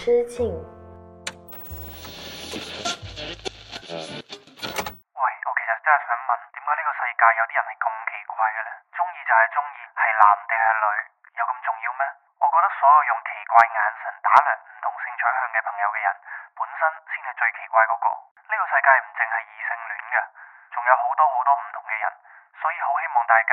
痴情，喂，我其實真係想問，點解呢個世界有啲人係咁奇怪嘅呢？中意就係中意，係男定係女，有咁重要咩？我覺得所有用奇怪眼神打量唔同性取向嘅朋友嘅人，本身先係最奇怪嗰個。呢、這個世界唔淨係異性戀嘅，仲有好多好多唔同嘅人，所以好希望大家。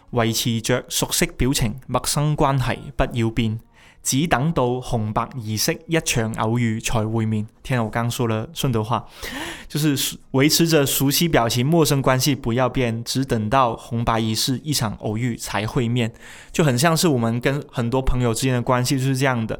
維持着熟悉表情、陌生關係，不要變，只等到紅白儀式一場偶遇才會面。天啊，我剛說了順德話，就是維持着熟悉表情、陌生關係，不要變，只等到紅白儀式一場偶遇才會面，就很像是我們跟很多朋友之間的關係，就是這樣的。